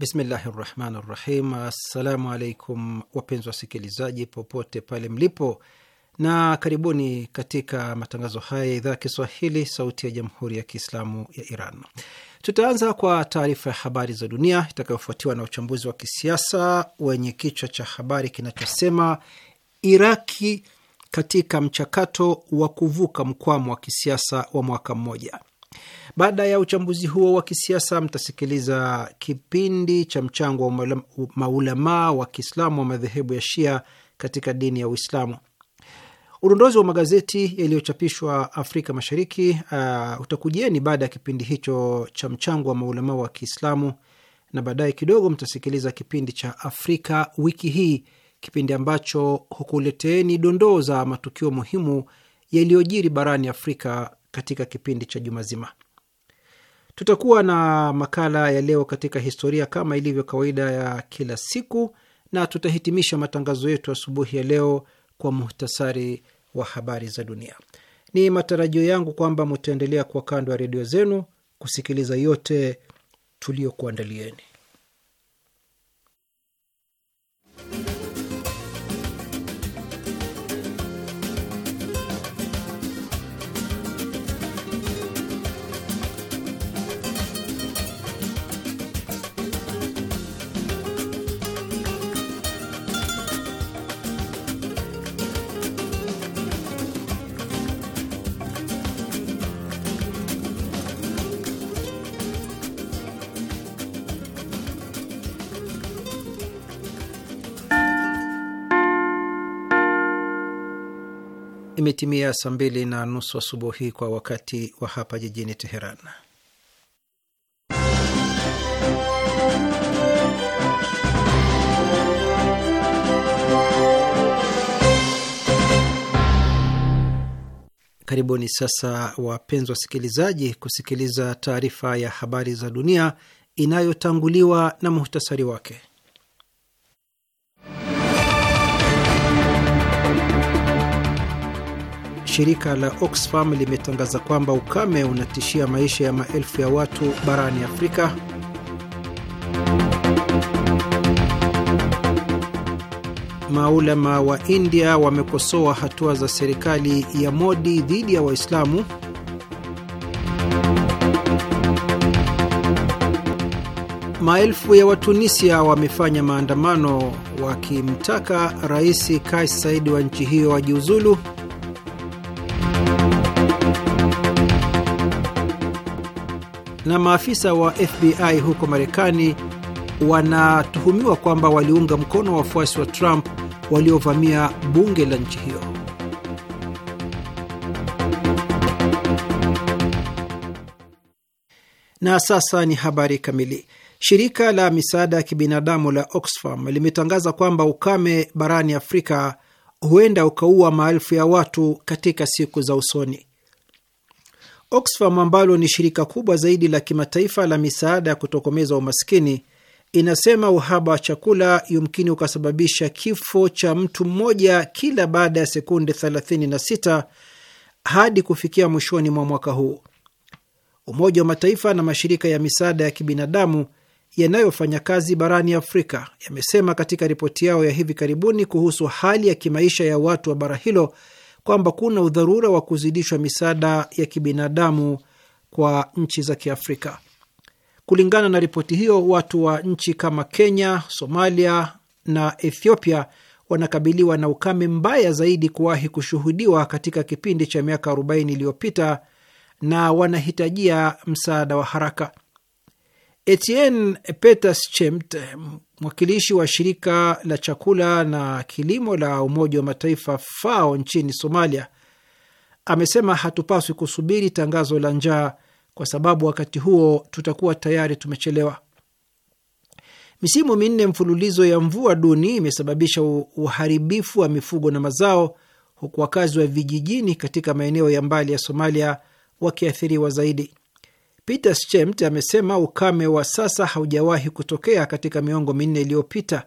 Bismillahi rahmani rahim. Assalamu alaikum wapenzi wasikilizaji popote pale mlipo, na karibuni katika matangazo haya ya idhaa ya Kiswahili sauti ya jamhuri ya Kiislamu ya Iran. Tutaanza kwa taarifa ya habari za dunia itakayofuatiwa na uchambuzi wa kisiasa wenye kichwa cha habari kinachosema Iraki katika mchakato wa kuvuka mkwamo wa kisiasa wa mwaka mmoja. Baada ya uchambuzi huo wa kisiasa, mtasikiliza kipindi cha mchango wa maulamaa wa Kiislamu wa madhehebu ya Shia katika dini ya Uislamu. Udondozi wa magazeti yaliyochapishwa Afrika Mashariki uh, utakujieni baada ya kipindi hicho cha mchango wa maulamaa wa Kiislamu, na baadaye kidogo mtasikiliza kipindi cha Afrika wiki hii, kipindi ambacho hukuleteeni dondoo za matukio muhimu yaliyojiri barani Afrika katika kipindi cha juma zima. Tutakuwa na makala ya leo katika historia kama ilivyo kawaida ya kila siku, na tutahitimisha matangazo yetu asubuhi ya leo kwa muhtasari wa habari za dunia. Ni matarajio yangu kwamba mutaendelea kwa kando ya redio zenu kusikiliza yote tuliyokuandalieni. Imetimia saa mbili na nusu asubuhi kwa wakati wa hapa jijini Teheran. Karibuni sasa, wapenzi wasikilizaji, kusikiliza taarifa ya habari za dunia inayotanguliwa na muhtasari wake. shirika la Oxfam limetangaza kwamba ukame unatishia maisha ya maelfu ya watu barani Afrika. Maulama wa India wamekosoa hatua za serikali ya Modi dhidi ya Waislamu. Maelfu ya Watunisia wamefanya maandamano wakimtaka Rais Kais Saied wa nchi hiyo ajiuzulu. na maafisa wa FBI huko Marekani wanatuhumiwa kwamba waliunga mkono wafuasi wa Trump waliovamia bunge la nchi hiyo. Na sasa ni habari kamili. Shirika la misaada ya kibinadamu la Oxfam limetangaza kwamba ukame barani Afrika huenda ukaua maelfu ya watu katika siku za usoni. Oxfam ambalo ni shirika kubwa zaidi la kimataifa la misaada ya kutokomeza umaskini inasema uhaba wa chakula yumkini ukasababisha kifo cha mtu mmoja kila baada ya sekunde 36 hadi kufikia mwishoni mwa mwaka huu. Umoja wa Mataifa na mashirika ya misaada ya kibinadamu yanayofanya kazi barani Afrika yamesema katika ripoti yao ya hivi karibuni kuhusu hali ya kimaisha ya watu wa bara hilo kwamba kuna udharura wa kuzidishwa misaada ya kibinadamu kwa nchi za Kiafrika. Kulingana na ripoti hiyo, watu wa nchi kama Kenya, Somalia na Ethiopia wanakabiliwa na ukame mbaya zaidi kuwahi kushuhudiwa katika kipindi cha miaka 40 iliyopita na wanahitajia msaada wa haraka. Etienne Chemt, mwakilishi wa shirika la chakula na kilimo la Umoja wa Mataifa FAO nchini Somalia, amesema hatupaswi kusubiri tangazo la njaa, kwa sababu wakati huo tutakuwa tayari tumechelewa. Misimu minne mfululizo ya mvua duni imesababisha uharibifu wa mifugo na mazao, huku wakazi wa vijijini katika maeneo ya mbali ya Somalia wakiathiriwa zaidi. Peter schemt amesema ukame wa sasa haujawahi kutokea katika miongo minne iliyopita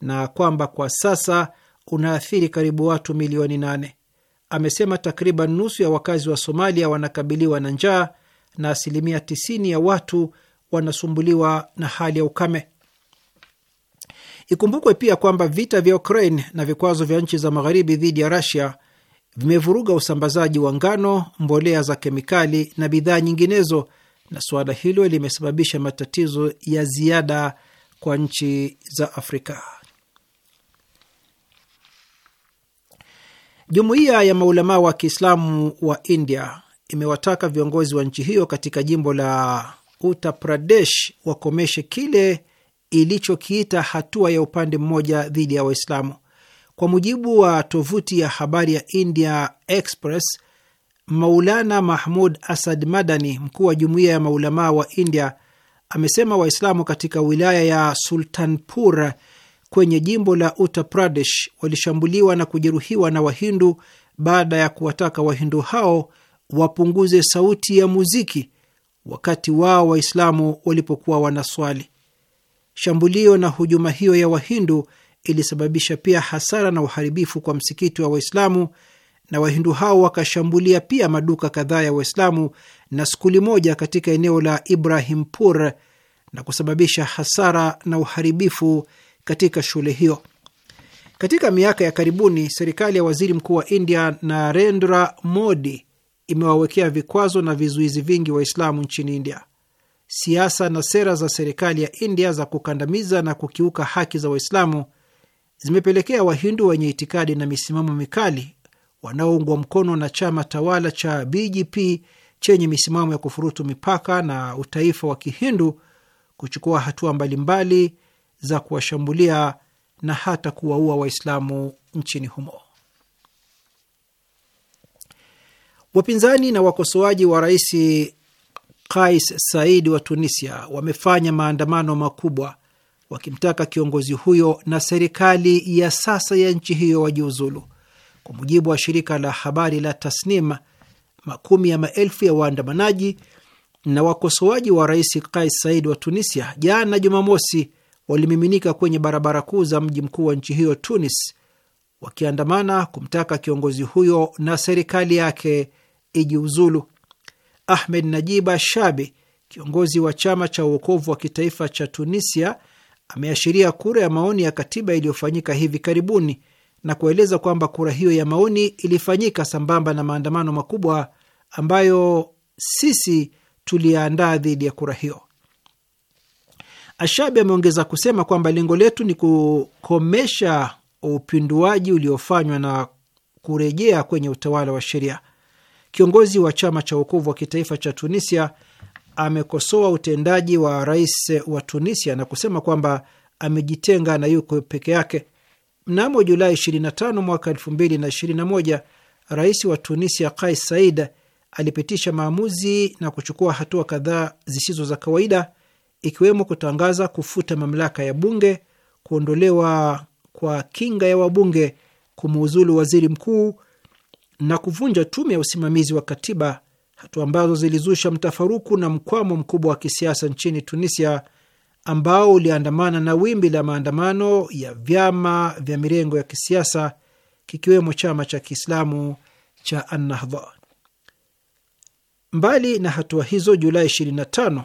na kwamba kwa sasa unaathiri karibu watu milioni nane. Amesema takriban nusu ya wakazi wa Somalia wanakabiliwa na njaa na asilimia 90 ya watu wanasumbuliwa na hali ya ukame. Ikumbukwe pia kwamba vita vya Ukraine na vikwazo vya nchi za magharibi dhidi ya Russia vimevuruga usambazaji wa ngano, mbolea za kemikali na bidhaa nyinginezo na suala hilo limesababisha matatizo ya ziada kwa nchi za Afrika. Jumuiya ya maulamaa wa Kiislamu wa India imewataka viongozi wa nchi hiyo katika jimbo la Uttar Pradesh wakomeshe kile ilichokiita hatua ya upande mmoja dhidi ya Waislamu. Kwa mujibu wa tovuti ya habari ya India Express, Maulana Mahmud Asad Madani, mkuu wa jumuiya ya maulamaa wa India, amesema Waislamu katika wilaya ya Sultanpur kwenye jimbo la Uttar Pradesh walishambuliwa na kujeruhiwa na Wahindu baada ya kuwataka Wahindu hao wapunguze sauti ya muziki wakati wao Waislamu walipokuwa wanaswali. Shambulio na hujuma hiyo ya Wahindu ilisababisha pia hasara na uharibifu kwa msikiti wa Waislamu na Wahindu hao wakashambulia pia maduka kadhaa ya Waislamu na skuli moja katika eneo la Ibrahimpur na kusababisha hasara na uharibifu katika shule hiyo. Katika miaka ya karibuni, serikali ya waziri mkuu wa India Narendra Modi imewawekea vikwazo na vizuizi vingi Waislamu nchini India. Siasa na sera za serikali ya India za kukandamiza na kukiuka haki za Waislamu zimepelekea Wahindu wenye itikadi na misimamo mikali wanaoungwa mkono na chama tawala cha BJP chenye misimamo ya kufurutu mipaka na utaifa wa Kihindu kuchukua hatua mbalimbali mbali za kuwashambulia na hata kuwaua Waislamu nchini humo. Wapinzani na wakosoaji wa Rais Kais Said wa Tunisia wamefanya maandamano makubwa wakimtaka kiongozi huyo na serikali ya sasa ya nchi hiyo wajiuzulu. Kwa mujibu wa shirika la habari la Tasnim, makumi ya maelfu ya waandamanaji na wakosoaji wa rais Kais Said wa Tunisia jana Jumamosi walimiminika kwenye barabara kuu za mji mkuu wa nchi hiyo Tunis, wakiandamana kumtaka kiongozi huyo na serikali yake ijiuzulu. Ahmed Najiba Shabi, kiongozi wa chama cha uokovu wa kitaifa cha Tunisia, ameashiria kura ya maoni ya katiba iliyofanyika hivi karibuni na kueleza kwamba kura hiyo ya maoni ilifanyika sambamba na maandamano makubwa ambayo sisi tuliandaa dhidi ya kura hiyo. Ashabi ameongeza kusema kwamba lengo letu ni kukomesha upinduaji uliofanywa na kurejea kwenye utawala wa sheria. Kiongozi wa chama cha wokovu wa kitaifa cha Tunisia amekosoa utendaji wa rais wa Tunisia na kusema kwamba amejitenga na yuko peke yake. Mnamo Julai 25 mwaka 2021 rais wa Tunisia Kais Said alipitisha maamuzi na kuchukua hatua kadhaa zisizo za kawaida, ikiwemo kutangaza kufuta mamlaka ya bunge, kuondolewa kwa kinga ya wabunge, kumuuzulu waziri mkuu na kuvunja tume ya usimamizi wa katiba, hatua ambazo zilizusha mtafaruku na mkwamo mkubwa wa kisiasa nchini Tunisia ambao uliandamana na wimbi la maandamano ya vyama vya mirengo ya kisiasa kikiwemo chama cha Kiislamu cha Annahdha. Mbali na hatua hizo, Julai 25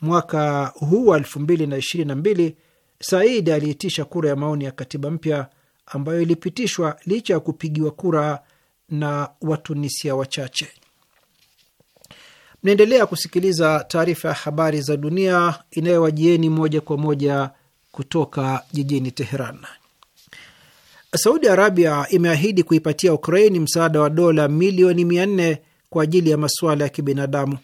mwaka huu wa 2022 Said aliitisha kura ya maoni ya katiba mpya ambayo ilipitishwa licha ya kupigiwa kura na Watunisia wachache. Mnaendelea kusikiliza taarifa ya habari za dunia inayowajieni moja kwa moja kutoka jijini Teheran. Saudi Arabia imeahidi kuipatia Ukraini msaada wa dola milioni 4 kwa ajili ya masuala ya kibinadamu.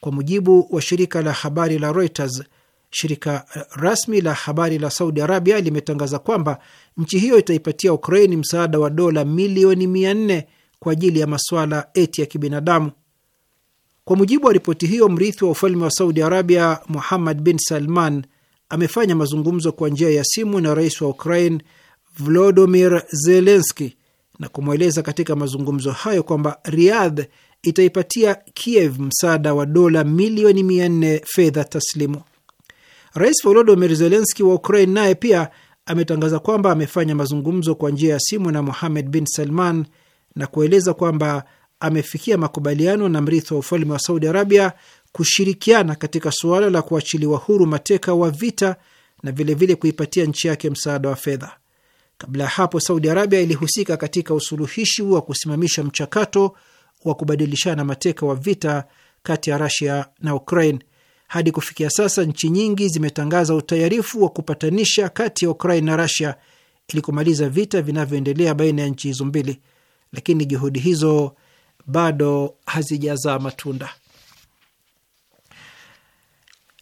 Kwa mujibu wa shirika la habari la Reuters, shirika rasmi la habari la Saudi Arabia limetangaza kwamba nchi hiyo itaipatia Ukraini msaada wa dola milioni 4 kwa ajili ya masuala eti ya kibinadamu. Kwa mujibu wa ripoti hiyo, mrithi wa ufalme wa Saudi Arabia Muhammad bin Salman amefanya mazungumzo kwa njia ya simu na rais wa Ukraine Volodymyr Zelensky na kumweleza katika mazungumzo hayo kwamba Riyadh itaipatia Kiev msaada wa dola milioni 4 fedha taslimu. Rais Volodymyr Zelensky wa Ukraine naye pia ametangaza kwamba amefanya mazungumzo kwa njia ya simu na Mohamed bin Salman na kueleza kwamba amefikia makubaliano na mrithi wa ufalme wa Saudi Arabia kushirikiana katika suala la kuachiliwa huru mateka wa vita na vilevile vile kuipatia nchi yake msaada wa fedha. Kabla ya hapo, Saudi Arabia ilihusika katika usuluhishi wa kusimamisha mchakato wa kubadilishana mateka wa vita kati ya rasia na Ukraine. Hadi kufikia sasa, nchi nyingi zimetangaza utayarifu wa kupatanisha kati ya Ukraine na rasia ili kumaliza vita vinavyoendelea baina ya nchi hizo mbili, lakini juhudi hizo bado hazijazaa matunda.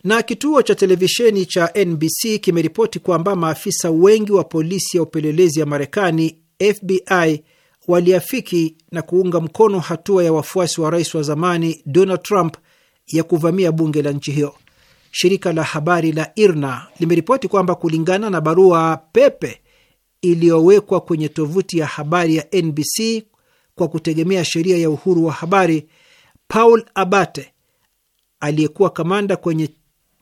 Na kituo cha televisheni cha NBC kimeripoti kwamba maafisa wengi wa polisi ya upelelezi ya Marekani, FBI, waliafiki na kuunga mkono hatua ya wafuasi wa rais wa zamani Donald Trump ya kuvamia bunge la nchi hiyo. Shirika la habari la IRNA limeripoti kwamba kulingana na barua pepe iliyowekwa kwenye tovuti ya habari ya NBC kwa kutegemea sheria ya uhuru wa habari, Paul Abate aliyekuwa kamanda kwenye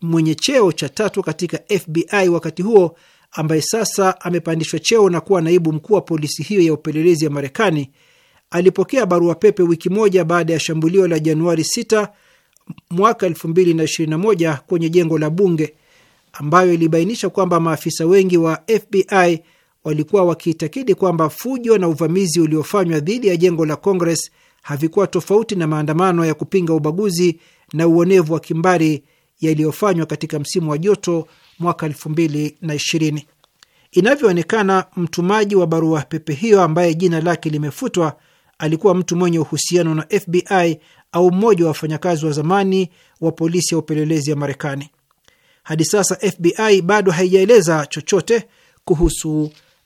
mwenye cheo cha tatu katika FBI wakati huo, ambaye sasa amepandishwa cheo na kuwa naibu mkuu wa polisi hiyo ya upelelezi ya Marekani, alipokea barua pepe wiki moja baada ya shambulio la Januari 6 mwaka 2021 kwenye jengo la bunge ambayo ilibainisha kwamba maafisa wengi wa FBI walikuwa wakiitakidi kwamba fujo na uvamizi uliofanywa dhidi ya jengo la Kongres havikuwa tofauti na maandamano ya kupinga ubaguzi na uonevu wa kimbari yaliyofanywa katika msimu wa joto mwaka ishirini. Inavyoonekana, mtumaji wa barua pepe hiyo ambaye jina lake limefutwa alikuwa mtu mwenye uhusiano na FBI au mmoja wa wafanyakazi wa zamani wa polisi ya upelelezi ya Marekani. Hadi sasa FBI bado haijaeleza chochote kuhusu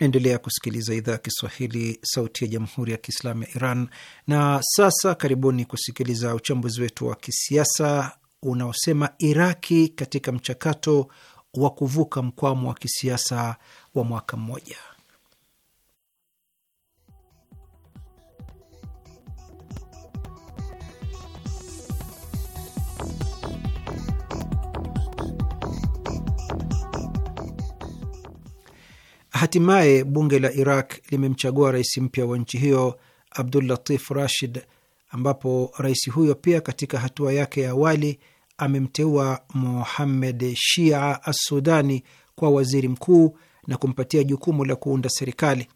Naendelea kusikiliza idhaa ya Kiswahili, sauti ya jamhuri ya kiislamu ya Iran. Na sasa karibuni kusikiliza uchambuzi wetu wa kisiasa unaosema Iraki katika mchakato wa kuvuka mkwamo wa kisiasa wa mwaka mmoja. Hatimaye bunge la Iraq limemchagua rais mpya wa nchi hiyo Abdulatif Rashid, ambapo rais huyo pia katika hatua yake ya awali amemteua Mohamed Shia Assudani kwa waziri mkuu na kumpatia jukumu la kuunda serikali.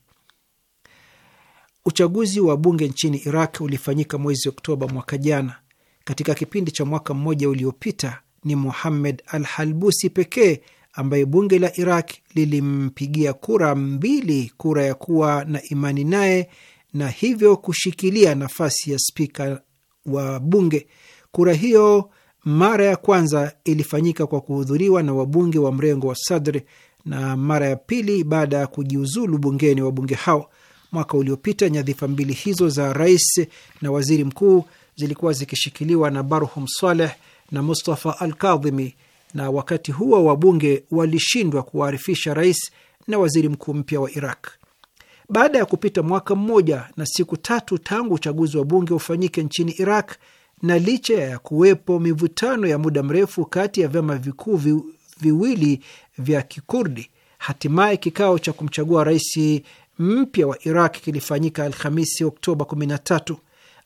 Uchaguzi wa bunge nchini Iraq ulifanyika mwezi Oktoba mwaka jana. Katika kipindi cha mwaka mmoja uliopita, ni muhammed Al Halbusi pekee ambaye bunge la Iraq lilimpigia kura mbili kura ya kuwa na imani naye na hivyo kushikilia nafasi ya spika wa bunge. Kura hiyo mara ya kwanza ilifanyika kwa kuhudhuriwa na wabunge wa mrengo wa sadr na mara ya pili baada ya kujiuzulu bungeni wabunge hao. Mwaka uliopita nyadhifa mbili hizo za rais na waziri mkuu zilikuwa zikishikiliwa na Barhum Saleh na Mustafa alkadhimi na wakati huo wabunge walishindwa kuwaarifisha rais na waziri mkuu mpya wa Iraq. Baada ya kupita mwaka mmoja na siku tatu tangu uchaguzi wa bunge ufanyike nchini Iraq, na licha ya kuwepo mivutano ya muda mrefu kati ya vyama vikuu viwili vya Kikurdi, hatimaye kikao cha kumchagua rais mpya wa Iraq kilifanyika Alhamisi, Oktoba 13.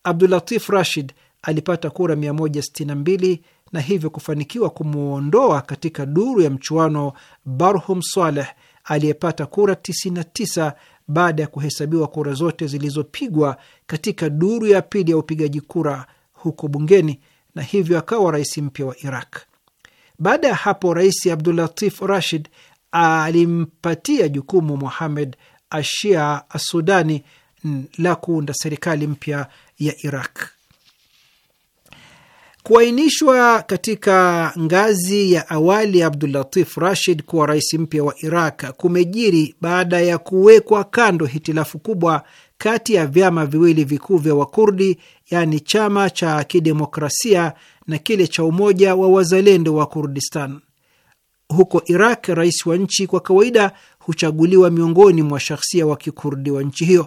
Abdulatif Rashid alipata kura 162 na hivyo kufanikiwa kumwondoa katika duru ya mchuano Barhum Saleh aliyepata kura 99 baada ya kuhesabiwa kura zote zilizopigwa katika duru ya pili ya upigaji kura huko bungeni, na hivyo akawa rais mpya wa Iraq. Baada ya hapo, Rais Abdulatif Rashid alimpatia jukumu Muhamed Ashia Asudani la kuunda serikali mpya ya Iraq. Kuainishwa katika ngazi ya awali Abdulatif Rashid kuwa rais mpya wa Iraq kumejiri baada ya kuwekwa kando hitilafu kubwa kati ya vyama viwili vikuu vya Wakurdi, yaani chama cha kidemokrasia na kile cha umoja wa wazalendo wa Kurdistan. Huko Iraq, rais wa nchi kwa kawaida huchaguliwa miongoni mwa shahsia wa kikurdi wa nchi hiyo.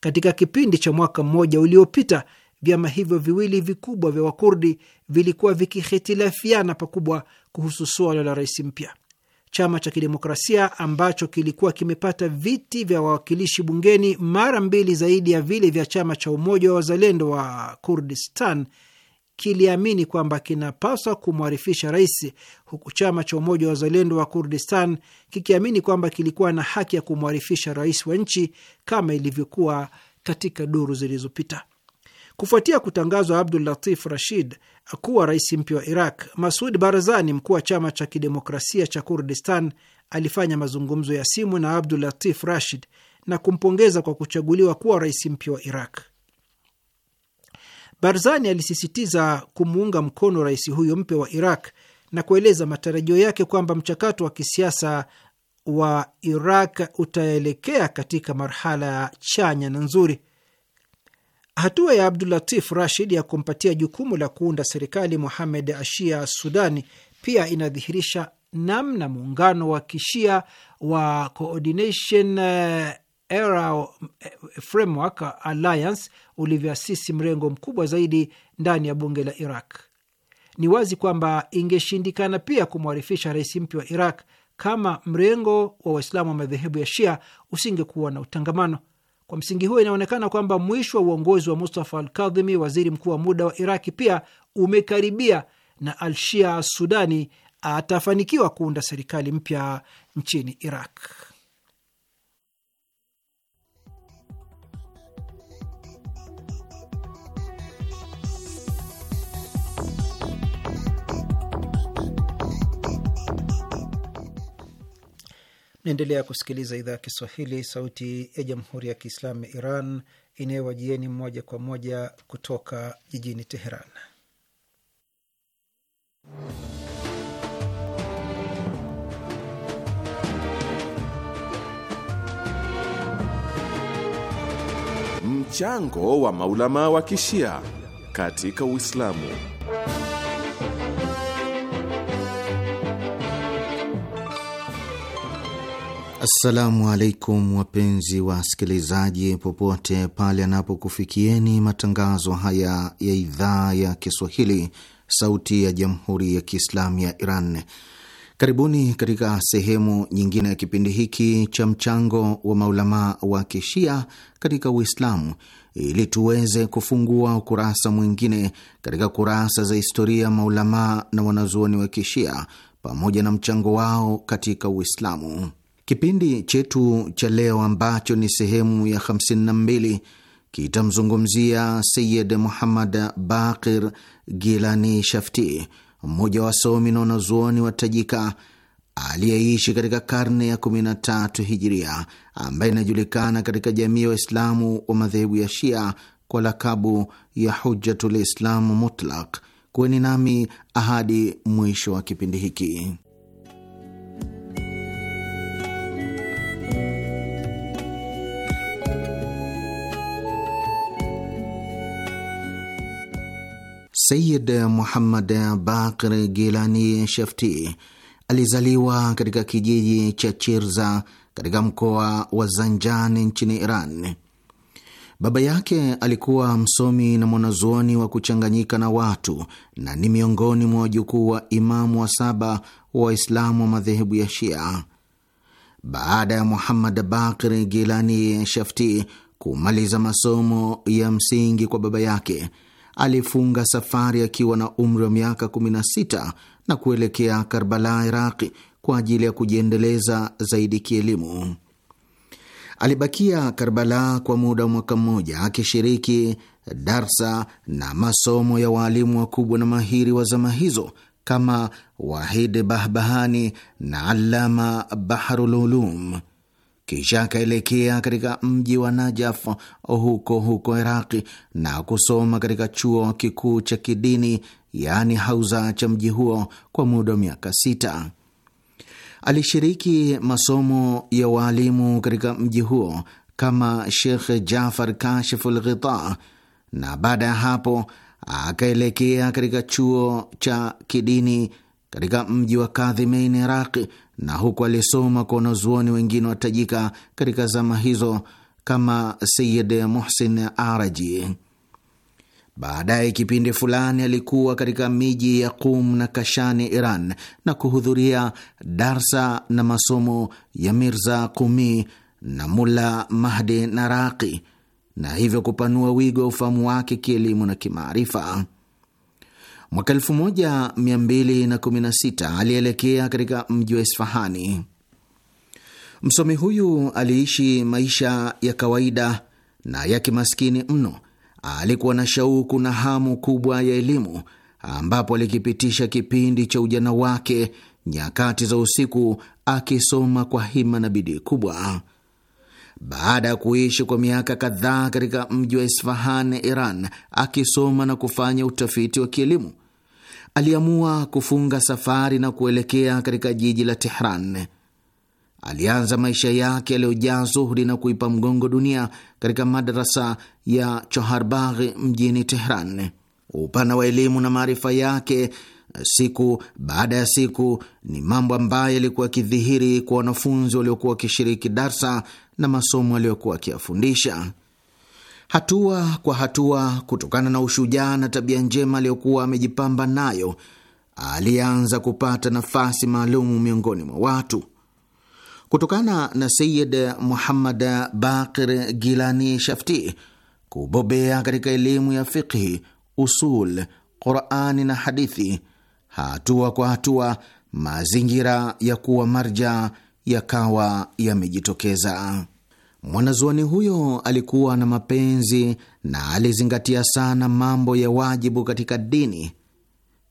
Katika kipindi cha mwaka mmoja uliopita vyama hivyo viwili vikubwa vya Wakurdi vilikuwa vikihitilafiana pakubwa kuhusu suala la rais mpya. Chama cha Kidemokrasia ambacho kilikuwa kimepata viti vya wawakilishi bungeni mara mbili zaidi ya vile vya chama cha Umoja wa Wazalendo wa Kurdistan kiliamini kwamba kinapaswa kumwarifisha rais, huku chama cha Umoja wa Wazalendo wa Kurdistan kikiamini kwamba kilikuwa na haki ya kumwarifisha rais wa nchi kama ilivyokuwa katika duru zilizopita. Kufuatia kutangazwa Abdul Latif Rashid kuwa rais mpya wa Iraq, Masud Barzani, mkuu wa chama cha kidemokrasia cha Kurdistan, alifanya mazungumzo ya simu na Abdul Latif Rashid na kumpongeza kwa kuchaguliwa kuwa rais mpya wa Iraq. Barzani alisisitiza kumuunga mkono rais huyo mpya wa Iraq na kueleza matarajio yake kwamba mchakato wa kisiasa wa Iraq utaelekea katika marhala chanya na nzuri. Hatua ya Abdulatif Rashid ya kumpatia jukumu la kuunda serikali Muhamed Ashia Sudani pia inadhihirisha namna muungano wa kishia wa Coordination eh, Era eh, Framework Alliance ulivyoasisi mrengo mkubwa zaidi ndani ya bunge la Iraq. Ni wazi kwamba ingeshindikana pia kumwarifisha rais mpya wa Iraq kama mrengo wa Waislamu wa madhehebu ya Shia usingekuwa na utangamano. Kwa msingi huo, inaonekana kwamba mwisho wa uongozi wa Mustafa al Kadhimi, waziri mkuu wa muda wa Iraki, pia umekaribia na Alshia Sudani atafanikiwa kuunda serikali mpya nchini Iraq. Naendelea kusikiliza idhaa ya Kiswahili, sauti ya jamhuri ya kiislamu ya Iran inayowajieni moja kwa moja kutoka jijini Teheran. Mchango wa maulama wa kishia katika Uislamu. Assalamu alaikum wapenzi wasikilizaji, popote pale anapokufikieni matangazo haya ya idhaa ya Kiswahili, sauti ya jamhuri ya kiislamu ya Iran. Karibuni katika sehemu nyingine ya kipindi hiki cha mchango wa maulamaa wa kishia katika Uislamu, ili tuweze kufungua ukurasa mwingine katika kurasa za historia ya maulamaa na wanazuoni wa kishia pamoja na mchango wao katika Uislamu. Kipindi chetu cha leo ambacho ni sehemu ya 52 kitamzungumzia Sayid Muhammad Baqir Gilani Shafti, mmoja wa wasomi na wanazuoni tajika aliyeishi katika karne ya 13 Hijiria, ambaye inajulikana katika jamii ya Waislamu wa madhehebu ya Shia kwa lakabu ya Hujjatul Islamu Mutlaq. Kuweni nami ahadi mwisho wa kipindi hiki. Sayid Muhammad Bakr Gilani Shafti alizaliwa katika kijiji cha Chirza katika mkoa wa Zanjani nchini Iran. Baba yake alikuwa msomi na mwanazuoni wa kuchanganyika na watu na ni miongoni mwa wajukuu wa imamu wa saba wa Waislamu wa madhehebu ya Shia. Baada ya Muhammad Bakr Gilani Shafti kumaliza masomo ya msingi kwa baba yake alifunga safari akiwa na umri wa miaka 16 na kuelekea Karbala, Iraqi, kwa ajili ya kujiendeleza zaidi kielimu. Alibakia Karbala kwa muda wa mwaka mmoja akishiriki darsa na masomo ya waalimu wakubwa na mahiri wa zama hizo kama Wahid Bahbahani na Allama Baharul Ulum kisha akaelekea katika mji wa Najaf huko huko Iraqi na kusoma katika chuo kikuu cha kidini yaani hauza cha mji huo kwa muda wa miaka sita. Alishiriki masomo ya waalimu katika mji huo kama Shekh Jafar Kashif Ghita, na baada ya hapo akaelekea katika chuo cha kidini katika mji wa Kadhimain, Iraqi na huku alisoma kwa wanazuoni wengine watajika katika zama hizo kama Sayid Muhsin Araji. Baadaye kipindi fulani alikuwa katika miji ya Qum na Kashani, Iran, na kuhudhuria darsa na masomo ya Mirza Qumi na Mulla Mahdi Naraqi, na hivyo kupanua wigo wa ufahamu wake kielimu na kimaarifa. Mwaka 1216 alielekea katika mji wa Isfahani. Msomi huyu aliishi maisha ya kawaida na ya kimaskini mno. Alikuwa na shauku na hamu kubwa ya elimu, ambapo alikipitisha kipindi cha ujana wake nyakati za usiku akisoma kwa hima na bidii kubwa. Baada ya kuishi kwa miaka kadhaa katika mji wa Isfahan, Iran, akisoma na kufanya utafiti wa kielimu, aliamua kufunga safari na kuelekea katika jiji la Tehran. Alianza maisha yake yaliyojaa zuhri na kuipa mgongo dunia katika madrasa ya Chaharbagh mjini Tehran. Upana wa elimu na maarifa yake siku baada ya siku ni mambo ambayo yalikuwa yakidhihiri kwa wanafunzi waliokuwa wakishiriki darsa na masomo aliyokuwa akiyafundisha. Hatua kwa hatua, kutokana na ushujaa na tabia njema aliyokuwa amejipamba nayo, alianza kupata nafasi maalum miongoni mwa watu. Kutokana na Sayid Muhammad Bakir Gilani Shafti kubobea katika elimu ya fiqhi, usul, Qurani na hadithi, hatua kwa hatua mazingira ya kuwa marja yakawa yamejitokeza. Mwanazuoni huyo alikuwa na mapenzi na alizingatia sana mambo ya wajibu katika dini.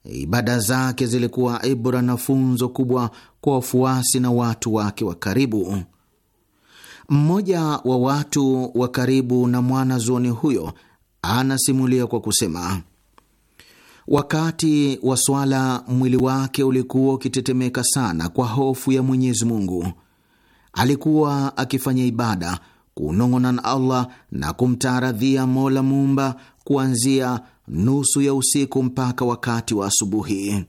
Ibada zake zilikuwa ibra na funzo kubwa kwa wafuasi na watu wake wa karibu. Mmoja wa watu wa karibu na mwanazuoni huyo anasimulia kwa kusema, wakati wa swala mwili wake ulikuwa ukitetemeka sana kwa hofu ya Mwenyezi Mungu alikuwa akifanya ibada kunong'ona na Allah na kumtaaradhia Mola Muumba kuanzia nusu ya usiku mpaka wakati wa asubuhi.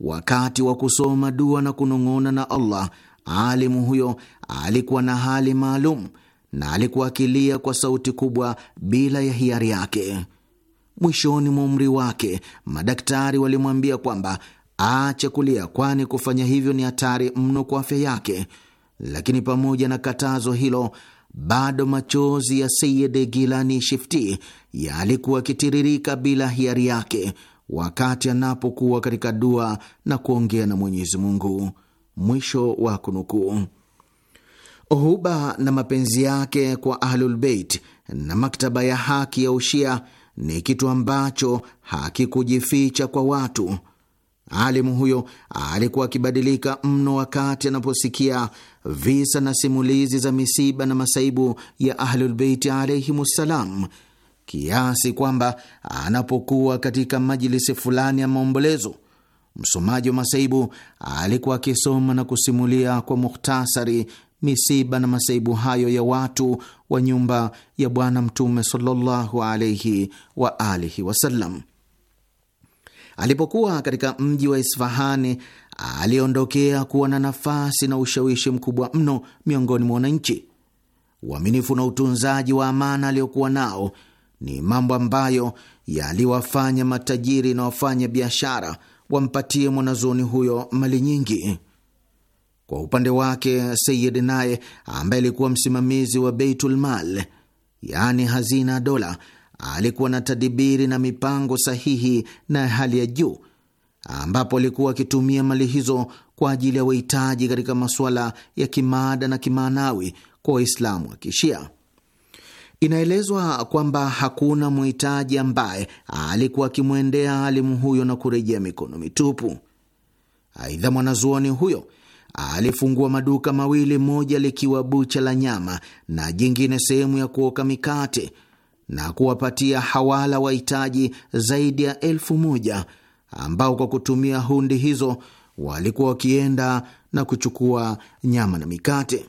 Wakati wa kusoma dua na kunong'ona na Allah, alimu huyo alikuwa na hali maalum na alikuwa akilia kwa sauti kubwa bila ya hiari yake. Mwishoni mwa umri wake, madaktari walimwambia kwamba aache kulia, kwani kufanya hivyo ni hatari mno kwa afya yake. Lakini pamoja na katazo hilo, bado machozi ya Seyid Gilani Shifti yalikuwa akitiririka bila hiari yake wakati anapokuwa katika dua na kuongea na Mwenyezi Mungu. Mwisho wa kunukuu. Huba na mapenzi yake kwa Ahlulbeit na maktaba ya haki ya Ushia ni kitu ambacho hakikujificha kwa watu. Alimu huyo alikuwa akibadilika mno wakati anaposikia visa na simulizi za misiba na masaibu ya Ahlulbeiti alaihimussalam, kiasi kwamba anapokuwa katika majilisi fulani ya maombolezo, msomaji wa masaibu alikuwa akisoma na kusimulia kwa mukhtasari misiba na masaibu hayo ya watu wa nyumba ya Bwana Mtume sallallahu alaihi wa alihi wasallam. Alipokuwa katika mji wa Isfahani, aliondokea kuwa na nafasi na ushawishi mkubwa mno miongoni mwa wananchi. Uaminifu na utunzaji wa amana aliyokuwa nao ni mambo ambayo yaliwafanya matajiri na wafanya biashara wampatie mwanazuoni huyo mali nyingi. Kwa upande wake, Sayid naye ambaye alikuwa msimamizi wa Beitul Mal, yaani hazina dola alikuwa na tadibiri na mipango sahihi na hali ya juu, ambapo alikuwa akitumia mali hizo kwa ajili ya wahitaji katika masuala ya kimaada na kimaanawi kwa Waislamu wa Kishia. Inaelezwa kwamba hakuna mhitaji ambaye alikuwa akimwendea alimu huyo na kurejea mikono mitupu. Aidha, mwanazuoni huyo alifungua maduka mawili, moja likiwa bucha la nyama na jingine sehemu ya kuoka mikate na kuwapatia hawala wahitaji zaidi ya elfu moja ambao kwa kutumia hundi hizo walikuwa wakienda na kuchukua nyama na mikate.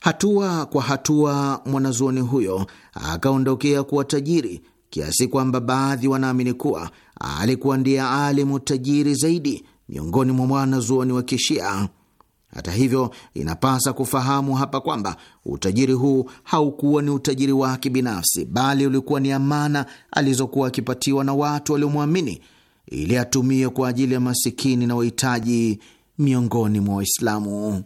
Hatua kwa hatua, mwanazuoni huyo akaondokea kuwa tajiri kiasi kwamba baadhi wanaamini kuwa alikuwa ndiye alimu tajiri zaidi miongoni mwa mwanazuoni wa Kishia. Hata hivyo, inapasa kufahamu hapa kwamba utajiri huu haukuwa ni utajiri wake binafsi, bali ulikuwa ni amana alizokuwa akipatiwa na watu waliomwamini ili atumie kwa ajili ya masikini na wahitaji miongoni mwa Waislamu.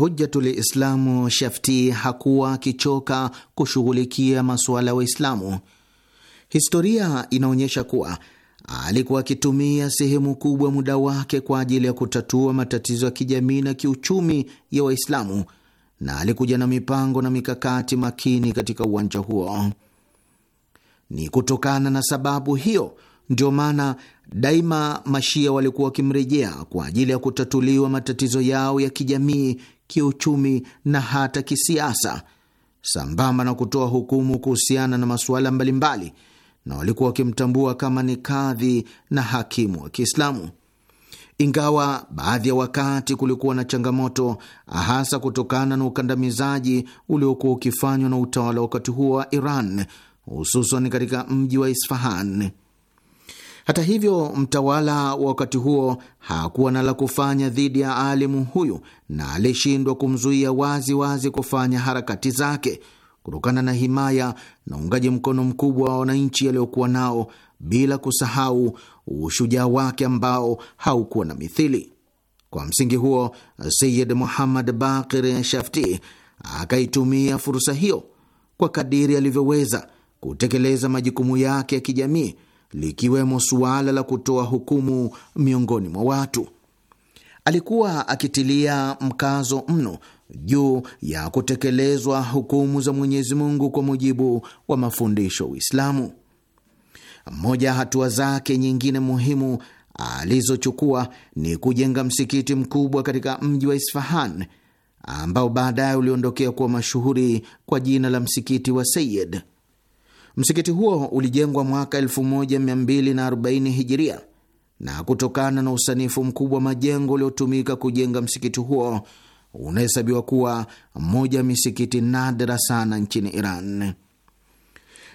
Hujjatul Islamu Shafti hakuwa akichoka kushughulikia masuala ya Waislamu. Historia inaonyesha kuwa alikuwa akitumia sehemu kubwa muda wake kwa ajili ya kutatua matatizo ya kijamii na kiuchumi ya Waislamu, na alikuja na mipango na mikakati makini katika uwanja huo. Ni kutokana na sababu hiyo ndio maana daima Mashia walikuwa wakimrejea kwa ajili ya kutatuliwa matatizo yao ya kijamii, kiuchumi na hata kisiasa, sambamba na kutoa hukumu kuhusiana na masuala mbalimbali, na walikuwa wakimtambua kama ni kadhi na hakimu wa Kiislamu. Ingawa baadhi ya wakati kulikuwa na changamoto, hasa kutokana na ukandamizaji uliokuwa ukifanywa na utawala wakati huo wa Iran, hususan katika mji wa Isfahan. Hata hivyo, mtawala wa wakati huo hakuwa na la kufanya dhidi ya alimu huyu na alishindwa kumzuia wazi wazi kufanya harakati zake kutokana na himaya na uungaji mkono mkubwa wa wananchi aliokuwa nao, bila kusahau ushujaa wake ambao haukuwa na mithili. Kwa msingi huo, Sayid Muhammad Bakir Shafti akaitumia fursa hiyo kwa kadiri alivyoweza kutekeleza majukumu yake ya kijamii likiwemo suala la kutoa hukumu miongoni mwa watu. Alikuwa akitilia mkazo mno juu ya kutekelezwa hukumu za Mwenyezi Mungu kwa mujibu wa mafundisho ya Uislamu. Moja ya hatua zake nyingine muhimu alizochukua ni kujenga msikiti mkubwa katika mji wa Isfahan ambao baadaye uliondokea kuwa mashuhuri kwa jina la msikiti wa Sayid. Msikiti huo ulijengwa mwaka 1240 hijiria, na kutokana na usanifu mkubwa wa majengo uliotumika kujenga msikiti huo unahesabiwa kuwa moja misikiti nadra sana nchini Iran.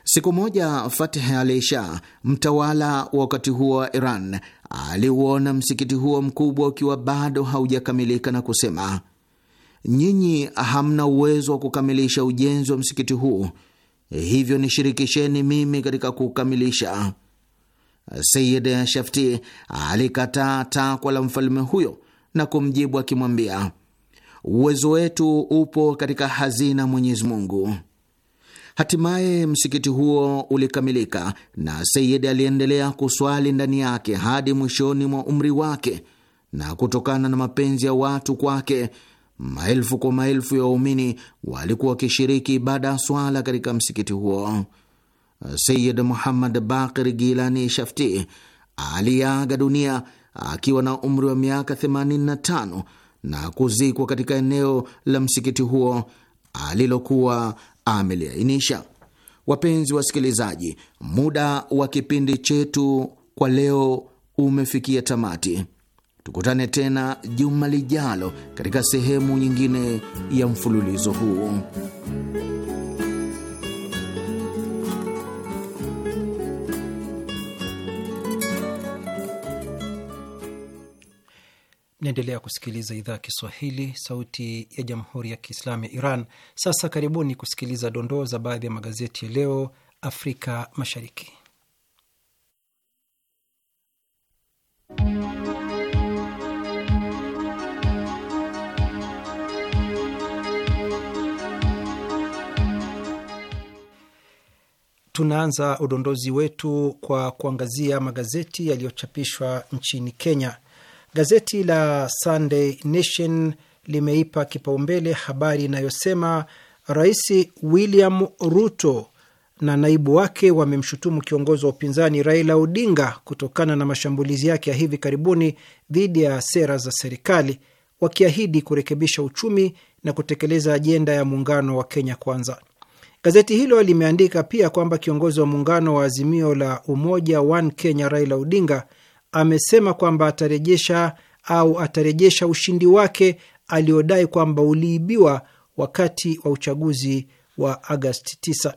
Siku moja Fatih Ali Shah, mtawala wa wakati huo wa Iran, aliuona msikiti huo mkubwa ukiwa bado haujakamilika na kusema, nyinyi hamna uwezo wa kukamilisha ujenzi wa msikiti huu hivyo nishirikisheni mimi katika kukamilisha. Sayid Shafti alikataa takwa la mfalme huyo na kumjibu akimwambia, uwezo wetu upo katika hazina Mwenyezi Mungu. Hatimaye msikiti huo ulikamilika na Sayid aliendelea kuswali ndani yake hadi mwishoni mwa umri wake, na kutokana na mapenzi ya watu kwake Maelfu kwa maelfu ya waumini walikuwa wakishiriki ibada ya swala katika msikiti huo. Sayid Muhammad Bakir Gilani Shafti aliyeaga dunia akiwa na umri wa miaka 85 na kuzikwa katika eneo la msikiti huo alilokuwa ameliainisha. Wapenzi wasikilizaji, muda wa kipindi chetu kwa leo umefikia tamati. Tukutane tena juma lijalo katika sehemu nyingine ya mfululizo huu. Naendelea kusikiliza idhaa ya Kiswahili, sauti ya jamhuri ya kiislamu ya Iran. Sasa karibuni kusikiliza dondoo za baadhi ya magazeti ya leo Afrika Mashariki. Tunaanza udondozi wetu kwa kuangazia magazeti yaliyochapishwa nchini Kenya. Gazeti la Sunday Nation limeipa kipaumbele habari inayosema Rais William Ruto na naibu wake wamemshutumu kiongozi wa upinzani Raila Odinga kutokana na mashambulizi yake ya hivi karibuni dhidi ya sera za serikali, wakiahidi kurekebisha uchumi na kutekeleza ajenda ya muungano wa Kenya Kwanza. Gazeti hilo limeandika pia kwamba kiongozi wa muungano wa Azimio la Umoja One Kenya Raila Odinga amesema kwamba atarejesha au atarejesha ushindi wake aliodai kwamba uliibiwa wakati wa uchaguzi wa Agasti 9.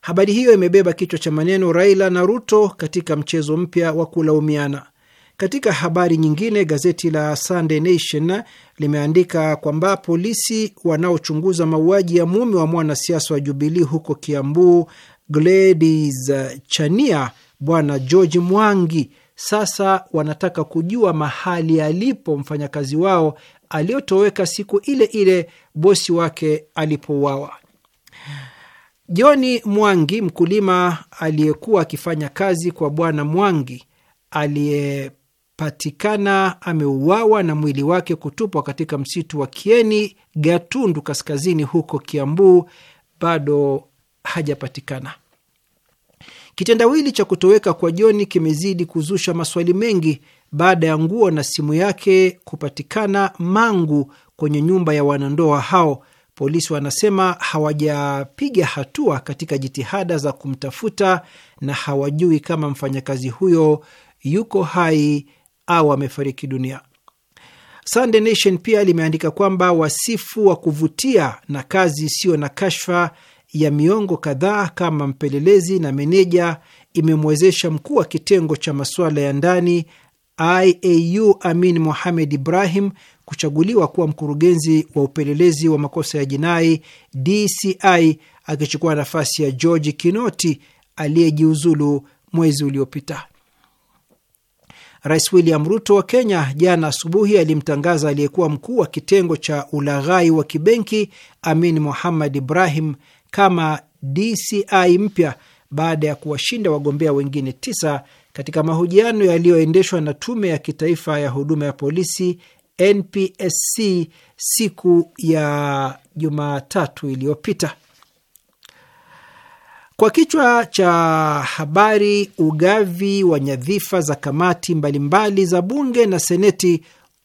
Habari hiyo imebeba kichwa cha maneno Raila na Ruto katika mchezo mpya wa kulaumiana. Katika habari nyingine, gazeti la Sunday Nation limeandika kwamba polisi wanaochunguza mauaji ya mume wa mwanasiasa wa Jubilii huko Kiambu, Gladys Chania, Bwana George Mwangi, sasa wanataka kujua mahali alipo mfanyakazi wao aliyotoweka siku ile ile bosi wake alipouawa. joni Mwangi, mkulima aliyekuwa akifanya kazi kwa Bwana Mwangi aliye amepatikana ameuawa na mwili wake kutupwa katika msitu wa Kieni Gatundu kaskazini huko Kiambu bado hajapatikana. Kitendawili cha kutoweka kwa Joni kimezidi kuzusha maswali mengi baada ya nguo na simu yake kupatikana Mangu kwenye nyumba ya wanandoa hao. Polisi wanasema hawajapiga hatua katika jitihada za kumtafuta na hawajui kama mfanyakazi huyo yuko hai au amefariki dunia. Sunday Nation pia limeandika kwamba wasifu wa kuvutia na kazi isiyo na kashfa ya miongo kadhaa kama mpelelezi na meneja imemwezesha mkuu wa kitengo cha masuala ya ndani IAU Amin Mohamed Ibrahim kuchaguliwa kuwa mkurugenzi wa upelelezi wa makosa ya jinai DCI akichukua nafasi ya George Kinoti aliyejiuzulu mwezi uliopita. Rais William Ruto wa Kenya jana asubuhi alimtangaza aliyekuwa mkuu wa kitengo cha ulaghai wa kibenki Amin Mohammad Ibrahim kama DCI mpya baada ya kuwashinda wagombea wengine tisa katika mahojiano yaliyoendeshwa na tume ya kitaifa ya huduma ya polisi NPSC siku ya Jumatatu iliyopita. Kwa kichwa cha habari ugavi wa nyadhifa za kamati mbalimbali za bunge na seneti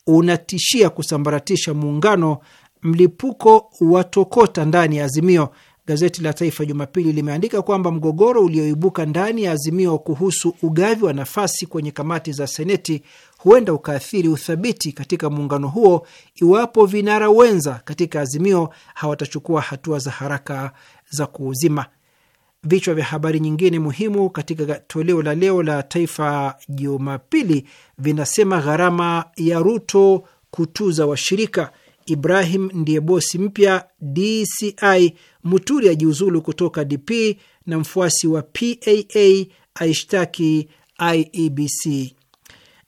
unatishia kusambaratisha muungano, mlipuko wa tokota ndani ya Azimio, gazeti la Taifa Jumapili limeandika kwamba mgogoro ulioibuka ndani ya Azimio kuhusu ugavi wa nafasi kwenye kamati za seneti huenda ukaathiri uthabiti katika muungano huo iwapo vinara wenza katika Azimio hawatachukua hatua za haraka za kuuzima vichwa vya habari nyingine muhimu katika toleo la leo la Taifa Jumapili vinasema: gharama ya Ruto kutuza washirika, Ibrahim ndiye bosi mpya DCI, Muturi ajiuzulu kutoka DP, na mfuasi wa PAA aishtaki IEBC.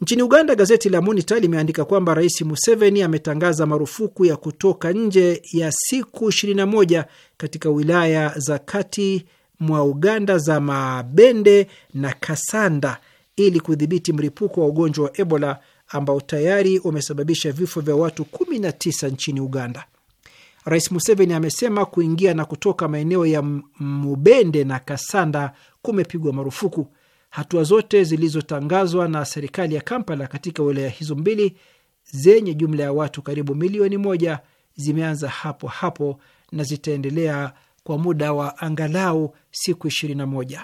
Nchini Uganda, gazeti la Monitor limeandika kwamba Rais Museveni ametangaza marufuku ya kutoka nje ya siku 21 katika wilaya za kati mwa Uganda za Mabende na Kasanda ili kudhibiti mlipuko wa ugonjwa wa Ebola ambao tayari umesababisha vifo vya watu 19 nchini Uganda. Rais Museveni amesema kuingia na kutoka maeneo ya Mubende na Kasanda kumepigwa marufuku. Hatua zote zilizotangazwa na serikali ya Kampala katika wilaya hizo mbili zenye jumla ya watu karibu milioni moja zimeanza hapo hapo na zitaendelea kwa muda wa angalau siku 21.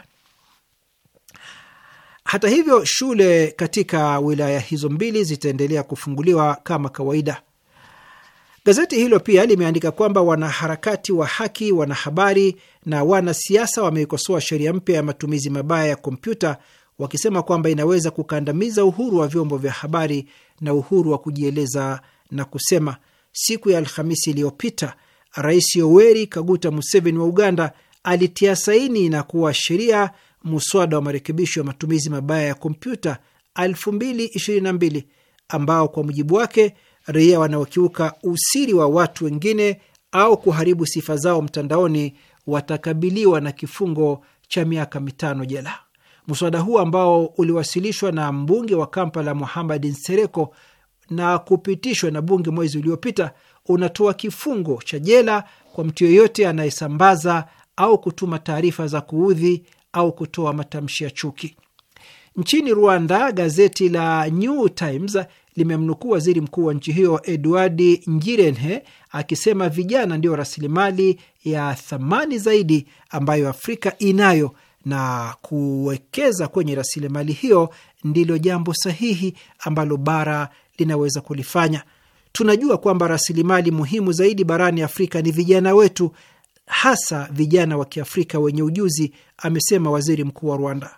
Hata hivyo, shule katika wilaya hizo mbili zitaendelea kufunguliwa kama kawaida. Gazeti hilo pia limeandika kwamba wanaharakati wa haki, wanahabari na wanasiasa wameikosoa sheria mpya ya matumizi mabaya ya kompyuta wakisema kwamba inaweza kukandamiza uhuru wa vyombo vya habari na uhuru wa kujieleza na kusema. Siku ya Alhamisi iliyopita Rais Yoweri Kaguta Museveni wa Uganda alitia saini na kuwa sheria muswada wa marekebisho ya matumizi mabaya ya kompyuta 2022 ambao kwa mujibu wake raia wanaokiuka usiri wa watu wengine au kuharibu sifa zao mtandaoni watakabiliwa na kifungo cha miaka mitano jela. Mswada huu ambao uliwasilishwa na mbunge wa Kampala Muhammad Nsereko na kupitishwa na bunge mwezi uliopita unatoa kifungo cha jela kwa mtu yeyote anayesambaza au kutuma taarifa za kuudhi au kutoa matamshi ya chuki. Nchini Rwanda, gazeti la New Times limemnukuu waziri mkuu wa nchi hiyo Edward Ngirente akisema vijana ndiyo rasilimali ya thamani zaidi ambayo Afrika inayo na kuwekeza kwenye rasilimali hiyo ndilo jambo sahihi ambalo bara linaweza kulifanya. Tunajua kwamba rasilimali muhimu zaidi barani Afrika ni vijana wetu, hasa vijana wa Kiafrika wenye ujuzi, amesema waziri mkuu wa Rwanda.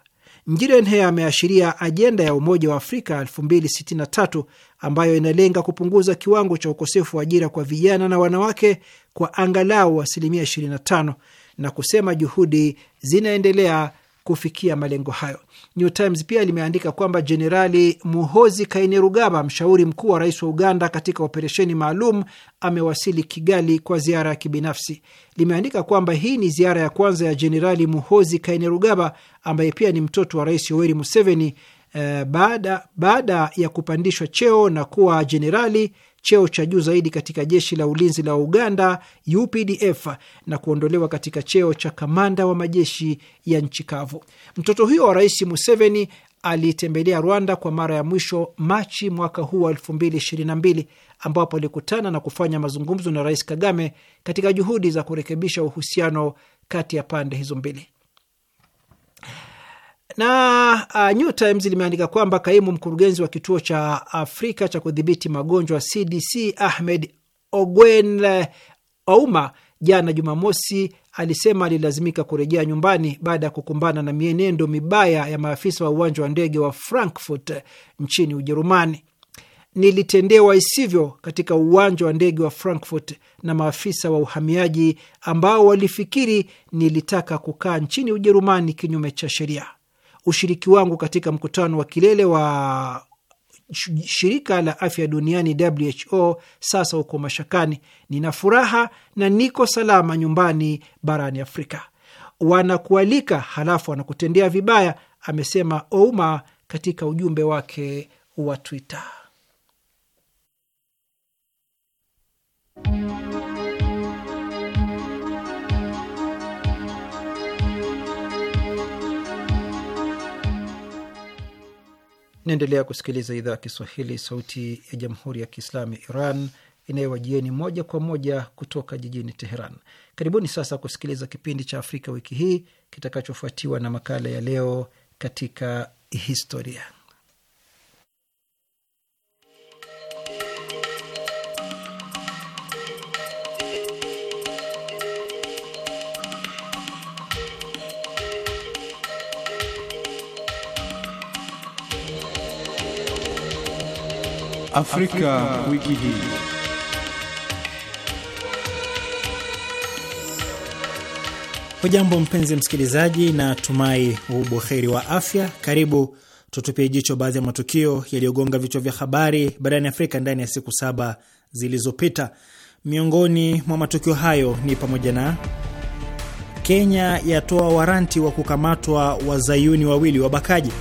Njirenhe ameashiria ajenda ya Umoja wa Afrika 2063 ambayo inalenga kupunguza kiwango cha ukosefu wa ajira kwa vijana na wanawake kwa angalau asilimia 25 na kusema juhudi zinaendelea kufikia malengo hayo. New Times pia limeandika kwamba Jenerali Muhozi Kainerugaba, mshauri mkuu wa rais wa Uganda katika operesheni maalum, amewasili Kigali kwa ziara ya kibinafsi. Limeandika kwamba hii ni ziara ya kwanza ya Jenerali Muhozi Kainerugaba, ambaye pia ni mtoto wa Rais Yoweri Museveni, eh, baada, baada ya kupandishwa cheo na kuwa jenerali cheo cha juu zaidi katika jeshi la ulinzi la Uganda UPDF na kuondolewa katika cheo cha kamanda wa majeshi ya nchi kavu. Mtoto huyo wa Rais Museveni alitembelea Rwanda kwa mara ya mwisho Machi mwaka huu wa 2022 ambapo alikutana na kufanya mazungumzo na Rais Kagame katika juhudi za kurekebisha uhusiano kati ya pande hizo mbili. Na uh, New Times limeandika kwamba kaimu mkurugenzi wa kituo cha Afrika cha kudhibiti magonjwa CDC Ahmed Ogwen uh, Ouma jana Jumamosi alisema alilazimika kurejea nyumbani baada ya kukumbana na mienendo mibaya ya maafisa wa uwanja wa ndege wa Frankfurt nchini Ujerumani. Nilitendewa isivyo katika uwanja wa ndege wa Frankfurt na maafisa wa uhamiaji ambao walifikiri nilitaka kukaa nchini Ujerumani kinyume cha sheria ushiriki wangu katika mkutano wa kilele wa shirika la afya duniani WHO sasa uko mashakani. Nina furaha na niko salama nyumbani barani Afrika. Wanakualika halafu wanakutendea vibaya, amesema Ouma katika ujumbe wake wa Twitter. naendelea kusikiliza idhaa ya Kiswahili, sauti ya jamhuri ya kiislamu ya Iran inayowajieni moja kwa moja kutoka jijini Teheran. Karibuni sasa kusikiliza kipindi cha Afrika wiki hii kitakachofuatiwa na makala ya leo katika historia. Afrika, wiki hii. Hujambo mpenzi msikilizaji, na tumai ubuheri wa afya. Karibu tutupie jicho baadhi ya matukio yaliyogonga vichwa vya habari barani Afrika ndani ya siku saba zilizopita. Miongoni mwa matukio hayo ni pamoja na Kenya yatoa waranti wa kukamatwa wazayuni wawili wabakaji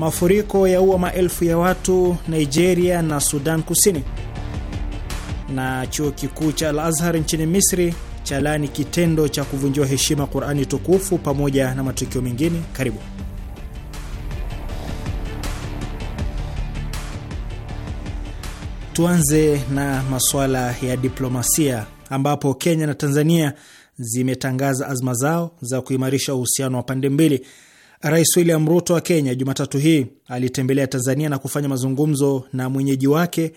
Mafuriko yaua maelfu ya watu Nigeria na Sudan Kusini. Na chuo kikuu cha Al Azhar nchini Misri chalani kitendo cha kuvunjiwa heshima Qurani tukufu pamoja na matukio mengine. Karibu. Tuanze na masuala ya diplomasia ambapo Kenya na Tanzania zimetangaza azma zao za kuimarisha uhusiano wa pande mbili. Rais William Ruto wa Kenya Jumatatu hii alitembelea Tanzania na kufanya mazungumzo na mwenyeji wake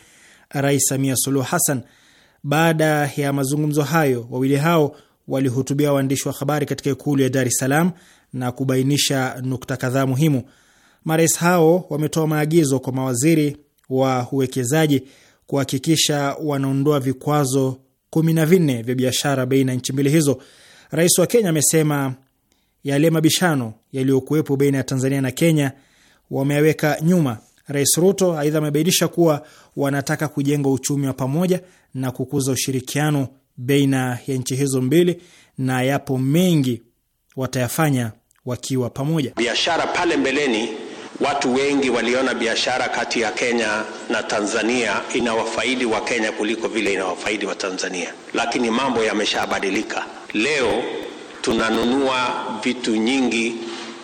Rais Samia Suluhu Hassan. Baada ya mazungumzo hayo, wawili hao walihutubia waandishi wa habari katika ikulu ya Dar es Salaam na kubainisha nukta kadhaa muhimu. Marais hao wametoa maagizo kwa mawaziri wa uwekezaji kuhakikisha wanaondoa vikwazo kumi na vinne vya biashara baina ya nchi mbili hizo. Rais wa Kenya amesema yale mabishano yaliyokuwepo baina ya Tanzania na Kenya wameyaweka nyuma. Rais Ruto aidha amebainisha kuwa wanataka kujenga uchumi wa pamoja na kukuza ushirikiano baina ya nchi hizo mbili, na yapo mengi watayafanya wakiwa pamoja. Biashara pale mbeleni, watu wengi waliona biashara kati ya Kenya na Tanzania inawafaidi wa Kenya kuliko vile inawafaidi wa Tanzania, lakini mambo yameshabadilika leo tunanunua vitu nyingi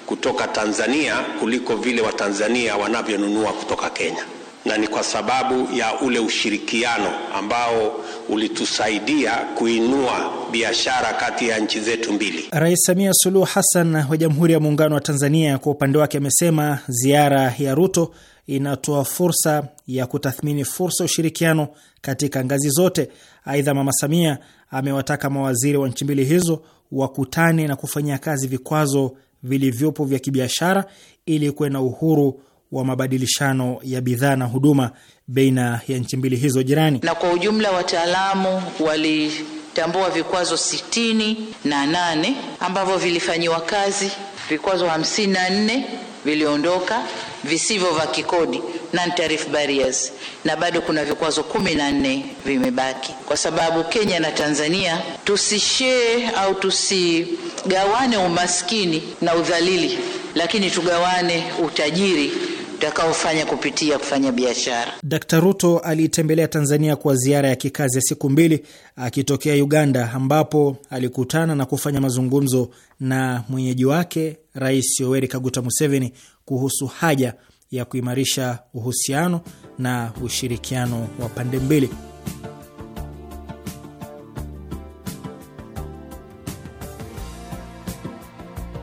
kutoka Tanzania kuliko vile Watanzania wanavyonunua kutoka Kenya, na ni kwa sababu ya ule ushirikiano ambao ulitusaidia kuinua biashara kati ya nchi zetu mbili. Rais Samia Suluhu Hassan wa Jamhuri ya Muungano wa Tanzania kwa upande wake amesema ziara ya Ruto inatoa fursa ya kutathmini fursa ushirikiano katika ngazi zote. Aidha, Mama Samia amewataka mawaziri wa nchi mbili hizo wakutane na kufanyia kazi vikwazo vilivyopo vya kibiashara ili kuwe na uhuru wa mabadilishano ya bidhaa na huduma baina ya nchi mbili hizo jirani. Na kwa ujumla wataalamu walitambua vikwazo sitini na nane ambavyo vilifanyiwa kazi, vikwazo hamsini na nne viliondoka visivyo vya kikodi non tariff barriers, na bado kuna vikwazo kumi na nne vimebaki, kwa sababu Kenya na Tanzania tusishee au tusigawane umaskini na udhalili, lakini tugawane utajiri utakaofanya kupitia kufanya biashara. Dkt. Ruto aliitembelea Tanzania kwa ziara ya kikazi ya siku mbili akitokea Uganda, ambapo alikutana na kufanya mazungumzo na mwenyeji wake Rais Yoweri Kaguta Museveni kuhusu haja ya kuimarisha uhusiano na ushirikiano wa pande mbili.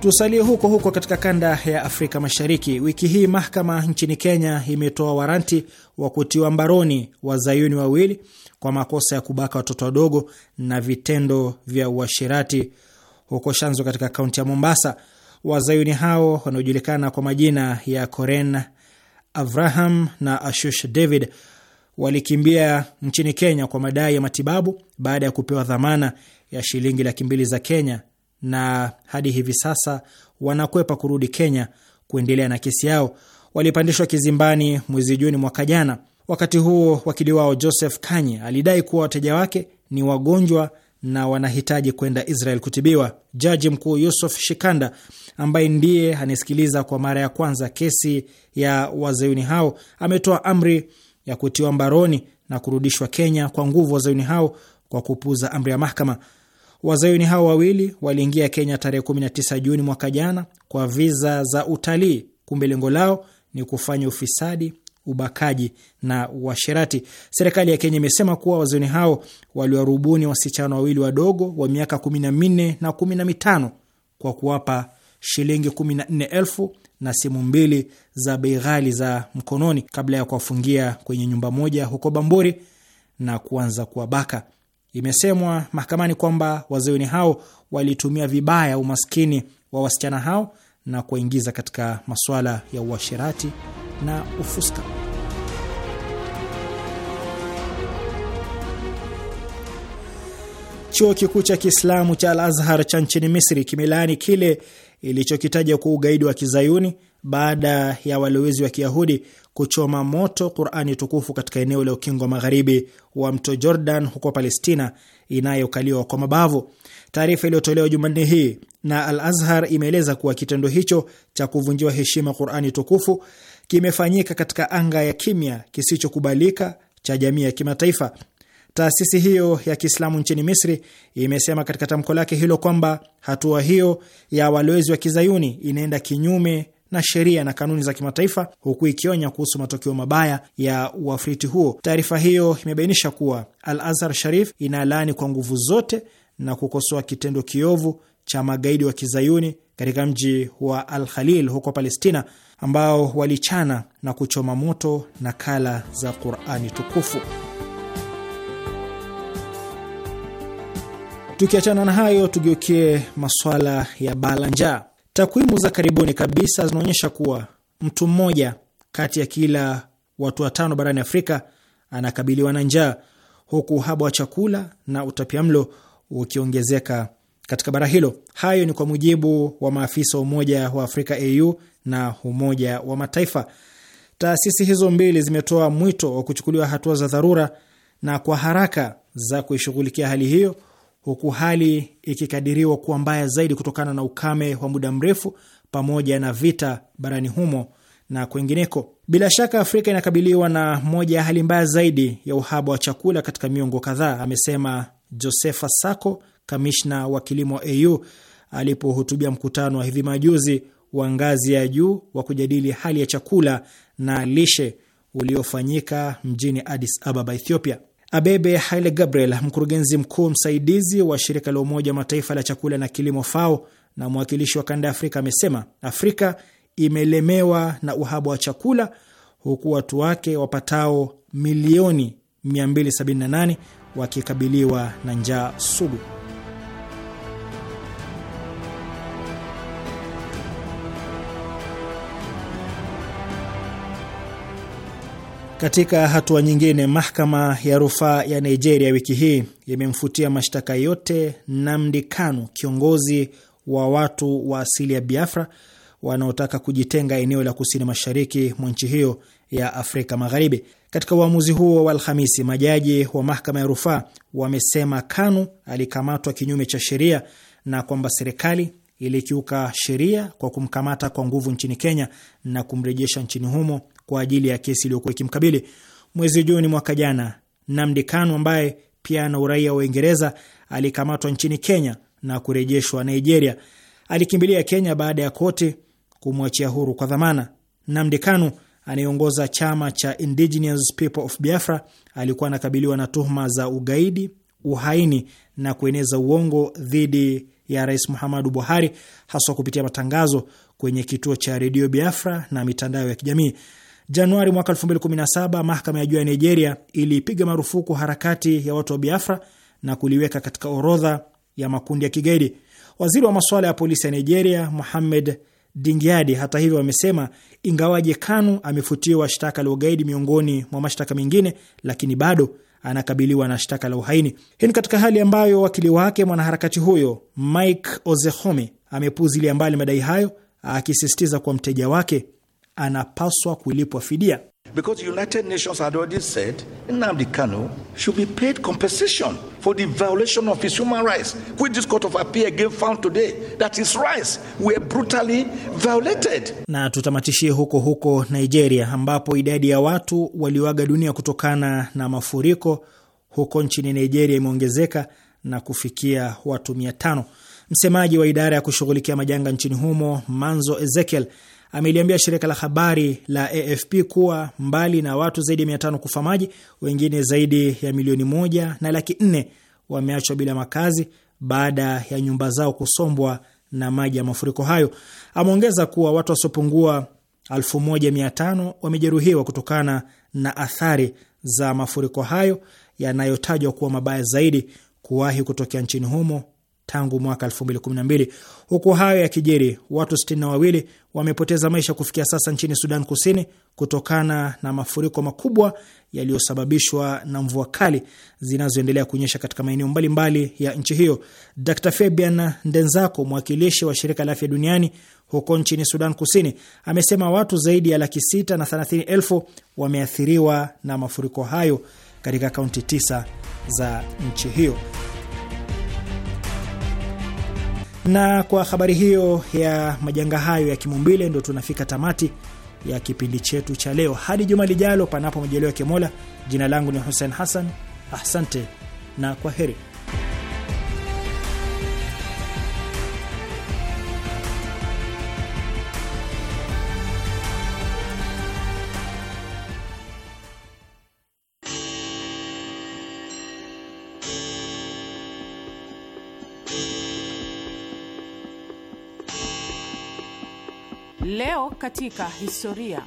Tusalie huko huko katika kanda ya Afrika Mashariki. Wiki hii mahakama nchini Kenya imetoa waranti wa kutiwa mbaroni wazayuni wawili kwa makosa ya kubaka watoto wadogo na vitendo vya uashirati huko Shanzo katika kaunti ya Mombasa. Wazayuni hao wanaojulikana kwa majina ya Koren Avraham na Ashush David walikimbia nchini Kenya kwa madai ya matibabu baada ya kupewa dhamana ya shilingi laki mbili za Kenya na hadi hivi sasa wanakwepa kurudi Kenya kuendelea na kesi yao. Walipandishwa kizimbani mwezi Juni mwaka jana. Wakati huo wakili wao Joseph Kanye alidai kuwa wateja wake ni wagonjwa na wanahitaji kwenda Israel kutibiwa. Jaji mkuu Yusuf Shikanda, ambaye ndiye anayesikiliza kwa mara ya kwanza kesi ya wazayuni hao, ametoa amri ya kutiwa mbaroni na kurudishwa Kenya kwa nguvu wazayuni hao kwa kupuza amri ya mahakama. Wazayuni hao wawili waliingia Kenya tarehe 19 Juni mwaka jana kwa viza za utalii, kumbe lengo lao ni kufanya ufisadi, ubakaji na uasherati. Serikali ya Kenya imesema kuwa wazayuni hao waliwarubuni wasichana wawili wadogo wa miaka 14 na 15 kwa kuwapa shilingi 14,000 na simu mbili za bei ghali za mkononi kabla ya kuwafungia kwenye nyumba moja huko Bamburi na kuanza kuwabaka. Imesemwa mahakamani kwamba wazayuni hao walitumia vibaya umaskini wa wasichana hao na kuwaingiza katika masuala ya uasherati na ufuska. Chuo kikuu cha Kiislamu cha Al Azhar cha nchini Misri kimelaani kile ilichokitaja kuwa ugaidi wa kizayuni baada ya walowezi wa Kiyahudi kuchoma moto Qurani tukufu katika eneo la ukingo wa magharibi wa mto Jordan huko Palestina inayokaliwa kwa mabavu. Taarifa iliyotolewa Jumanne hii na Al Azhar imeeleza kuwa kitendo hicho cha kuvunjiwa heshima Qurani tukufu kimefanyika katika anga ya kimya kisichokubalika cha jamii ya kimataifa. Taasisi hiyo ya Kiislamu nchini Misri imesema katika tamko lake hilo kwamba hatua hiyo ya walowezi wa kizayuni inaenda kinyume na sheria na kanuni za kimataifa, huku ikionya kuhusu matokeo mabaya ya uafriti huo. Taarifa hiyo imebainisha kuwa Al Azhar Sharif inalaani kwa nguvu zote na kukosoa kitendo kiovu cha magaidi wa kizayuni katika mji wa Al Khalil huko Palestina, ambao walichana na kuchoma moto nakala za Qurani tukufu. Tukiachana na hayo, tugeukie maswala ya baa njaa. Takwimu za karibuni kabisa zinaonyesha kuwa mtu mmoja kati ya kila watu watano barani Afrika anakabiliwa na njaa, huku uhaba wa chakula na utapiamlo ukiongezeka katika bara hilo. Hayo ni kwa mujibu wa maafisa wa Umoja wa Afrika AU na Umoja wa Mataifa. Taasisi hizo mbili zimetoa mwito wa kuchukuliwa hatua za dharura na kwa haraka za kuishughulikia hali hiyo huku hali ikikadiriwa kuwa mbaya zaidi kutokana na ukame wa muda mrefu pamoja na vita barani humo na kwengineko. Bila shaka, Afrika inakabiliwa na moja ya hali mbaya zaidi ya uhaba wa chakula katika miongo kadhaa, amesema Josepha Sako, kamishna wa kilimo AU alipohutubia mkutano wa hivi majuzi wa ngazi ya juu wa kujadili hali ya chakula na lishe uliofanyika mjini Addis Ababa, Ethiopia. Abebe Haile Gabriel, mkurugenzi mkuu msaidizi wa shirika la Umoja wa Mataifa la chakula na kilimo FAO na mwakilishi wa kanda ya Afrika, amesema Afrika imelemewa na uhaba wa chakula huku watu wake wapatao milioni 278 wakikabiliwa na njaa sugu. Katika hatua nyingine, mahakama ya rufaa ya Nigeria wiki hii imemfutia mashtaka yote Namdi Kanu, kiongozi wa watu wa asili ya Biafra wanaotaka kujitenga eneo la kusini mashariki mwa nchi hiyo ya Afrika Magharibi. Katika uamuzi huo wa Alhamisi, majaji wa mahakama ya rufaa wamesema Kanu alikamatwa kinyume cha sheria na kwamba serikali ilikiuka sheria kwa kumkamata kwa nguvu nchini Kenya na kumrejesha nchini humo kwa ajili ya kesi iliyokuwa ikimkabili. Mwezi Juni mwaka jana, Namdi Kanu ambaye pia ana uraia wa Uingereza alikamatwa nchini Kenya na kurejeshwa Nigeria. Alikimbilia Kenya baada ya koti kumwachia huru kwa dhamana. Namdi Kanu anayeongoza chama cha Indigenous People of Biafra alikuwa anakabiliwa na tuhuma za ugaidi, uhaini na kueneza uongo dhidi ya Rais Muhammadu Buhari, haswa kupitia matangazo kwenye kituo cha redio Biafra na mitandao ya kijamii. Januari mwaka 2017 mahakama ya juu ya Nigeria iliipiga marufuku harakati ya watu wa Biafra na kuliweka katika orodha ya makundi ya kigaidi. Waziri wa masuala ya polisi ya Nigeria Mohammed Dingiadi, hata hivyo, wamesema ingawaje Kanu amefutiwa shtaka la ugaidi miongoni mwa mashtaka mengine, lakini bado anakabiliwa na shtaka la uhaini. Hii ni katika hali ambayo wakili wake mwanaharakati huyo Mike Ozehome amepuzilia mbali madai hayo, akisisitiza kuwa mteja wake anapaswa kulipwa fidia because the United Nations had already said Nnamdi Kanu should be paid compensation for the violation of his human rights, which this court of appeal again found today that his rights were brutally violated. Na tutamatishie huko huko Nigeria, ambapo idadi ya watu walioaga dunia kutokana na mafuriko huko nchini Nigeria imeongezeka na kufikia watu mia tano. Msemaji wa idara ya kushughulikia majanga nchini humo Manzo Ezekiel ameliambia shirika la habari la AFP kuwa mbali na watu zaidi ya mia tano kufa maji, wengine zaidi ya milioni moja na laki nne wameachwa bila makazi baada ya nyumba zao kusombwa na maji ya mafuriko hayo. Ameongeza kuwa watu wasiopungua tano wamejeruhiwa kutokana na athari za mafuriko hayo yanayotajwa kuwa mabaya zaidi kuwahi kutokea nchini humo tangu mwaka 2012. Huku hayo ya kijeri, watu 62 wamepoteza maisha kufikia sasa nchini Sudan Kusini kutokana na mafuriko makubwa yaliyosababishwa na mvua kali zinazoendelea kunyesha katika maeneo mbalimbali ya nchi hiyo. Dr Fabian Ndenzako, mwakilishi wa shirika la afya duniani huko nchini Sudan Kusini, amesema watu zaidi ya laki sita na thelathini elfu wameathiriwa na mafuriko hayo katika kaunti tisa za nchi hiyo. Na kwa habari hiyo ya majanga hayo ya kimumbile, ndio tunafika tamati ya kipindi chetu cha leo. Hadi juma lijalo, panapo majaliwa ya Mola. Jina langu ni Hussein Hassan, asante na kwa heri. Leo katika historia.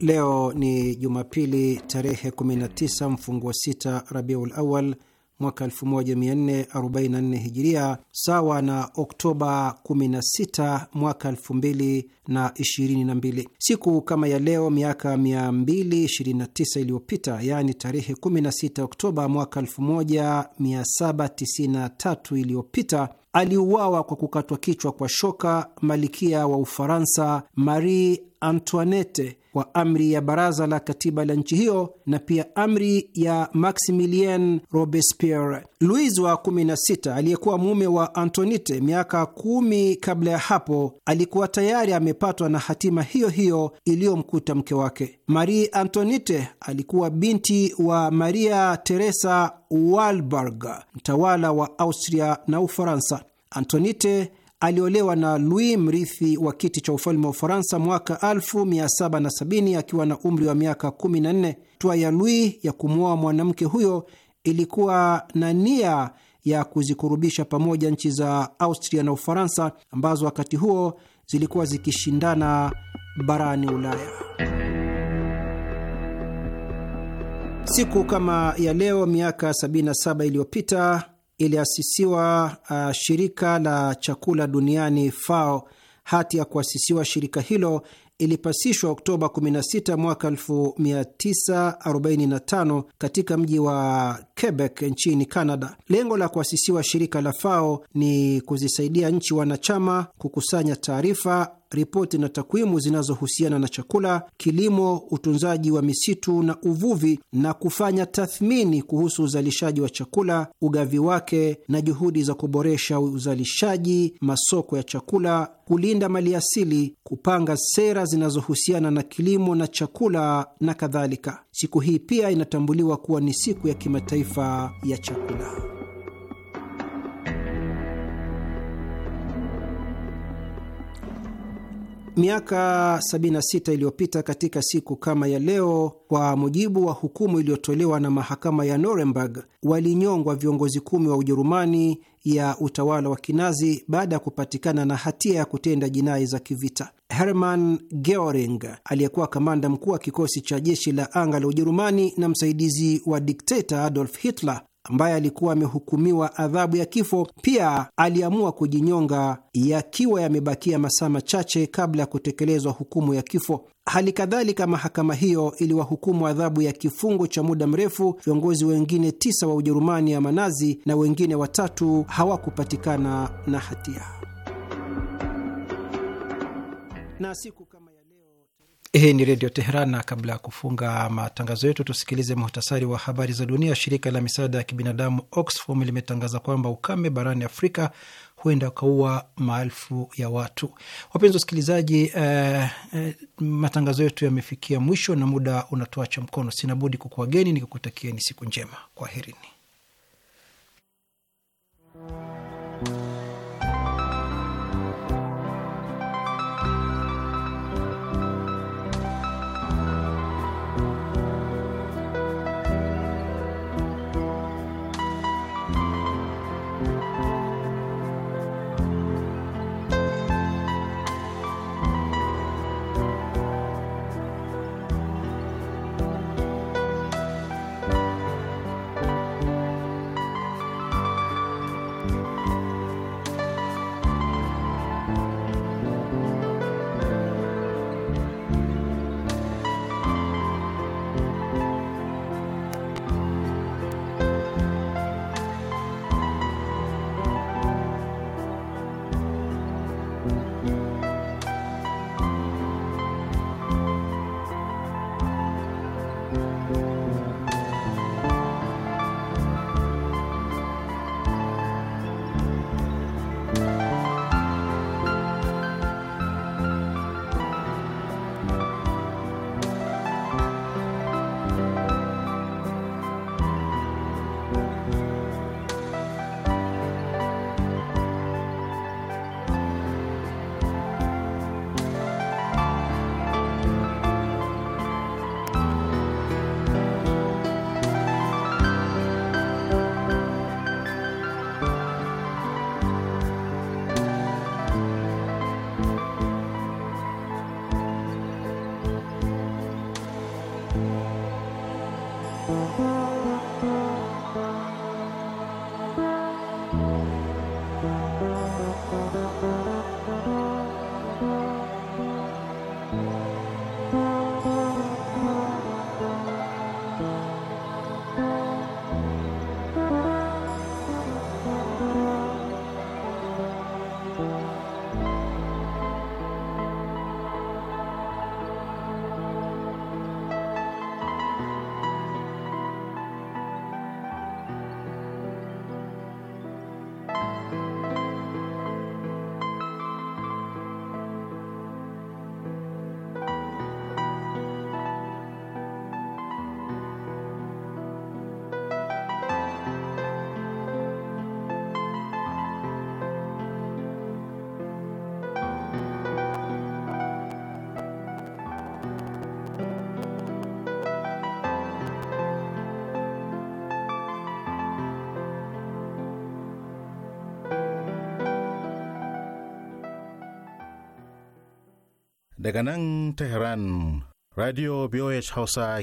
Leo ni Jumapili tarehe 19 mfunguo 6 Rabiul Awal mwaka 1444 hijiria sawa na Oktoba 16 mwaka 2022. Siku kama ya leo miaka 229 iliyopita, yaani tarehe 16 Oktoba mwaka 1793 iliyopita aliuawa kwa kukatwa kichwa kwa shoka malikia wa Ufaransa Marie Antoinette kwa amri ya baraza la katiba la nchi hiyo na pia amri ya Maximilien Robespierre. Louis wa 16 aliyekuwa mume wa Antonite miaka kumi kabla ya hapo alikuwa tayari amepatwa na hatima hiyo hiyo iliyomkuta mke wake. Marie Antonite alikuwa binti wa Maria Teresa Walberg, mtawala wa Austria na Ufaransa. Antonite aliolewa na Louis, mrithi wa kiti cha ufalme wa Ufaransa mwaka 1770 akiwa na umri wa miaka 14. Hatua ya Louis ya kumwoa mwanamke huyo ilikuwa na nia ya kuzikurubisha pamoja nchi za Austria na Ufaransa ambazo wakati huo zilikuwa zikishindana barani Ulaya. Siku kama ya leo miaka 77 iliyopita iliasisiwa uh, shirika la chakula duniani FAO. Hati ya kuasisiwa shirika hilo ilipasishwa Oktoba 16 mwaka 1945 katika mji wa Quebec nchini Canada. Lengo la kuasisiwa shirika la FAO ni kuzisaidia nchi wanachama kukusanya taarifa ripoti na takwimu zinazohusiana na chakula, kilimo, utunzaji wa misitu na uvuvi, na kufanya tathmini kuhusu uzalishaji wa chakula, ugavi wake, na juhudi za kuboresha uzalishaji, masoko ya chakula, kulinda maliasili, kupanga sera zinazohusiana na kilimo na chakula na kadhalika. Siku hii pia inatambuliwa kuwa ni siku ya kimataifa ya chakula. Miaka 76 iliyopita katika siku kama ya leo, kwa mujibu wa hukumu iliyotolewa na mahakama ya Nuremberg, walinyongwa viongozi kumi wa Ujerumani ya utawala wa Kinazi baada ya kupatikana na hatia ya kutenda jinai za kivita. Hermann Goering aliyekuwa kamanda mkuu wa kikosi cha jeshi la anga la Ujerumani na msaidizi wa dikteta Adolf Hitler ambaye alikuwa amehukumiwa adhabu ya kifo, pia aliamua kujinyonga yakiwa yamebakia masaa machache kabla ya kutekelezwa hukumu ya kifo. Hali kadhalika mahakama hiyo iliwahukumu adhabu ya kifungo cha muda mrefu viongozi wengine tisa wa Ujerumani ya Manazi, na wengine watatu hawakupatikana na hatia na siku hii ni Redio Teheran, na kabla ya kufunga matangazo yetu tusikilize muhtasari wa habari za dunia. Shirika la misaada ya kibinadamu Oxfam limetangaza kwamba ukame barani Afrika huenda ukaua maelfu ya watu. Wapenzi wasikilizaji, eh, eh, matangazo yetu yamefikia mwisho na muda unatuacha mkono. Sina budi kukuageni nikikutakieni siku njema. Kwaherini. daga nan Tehran, Radio BOH Hausa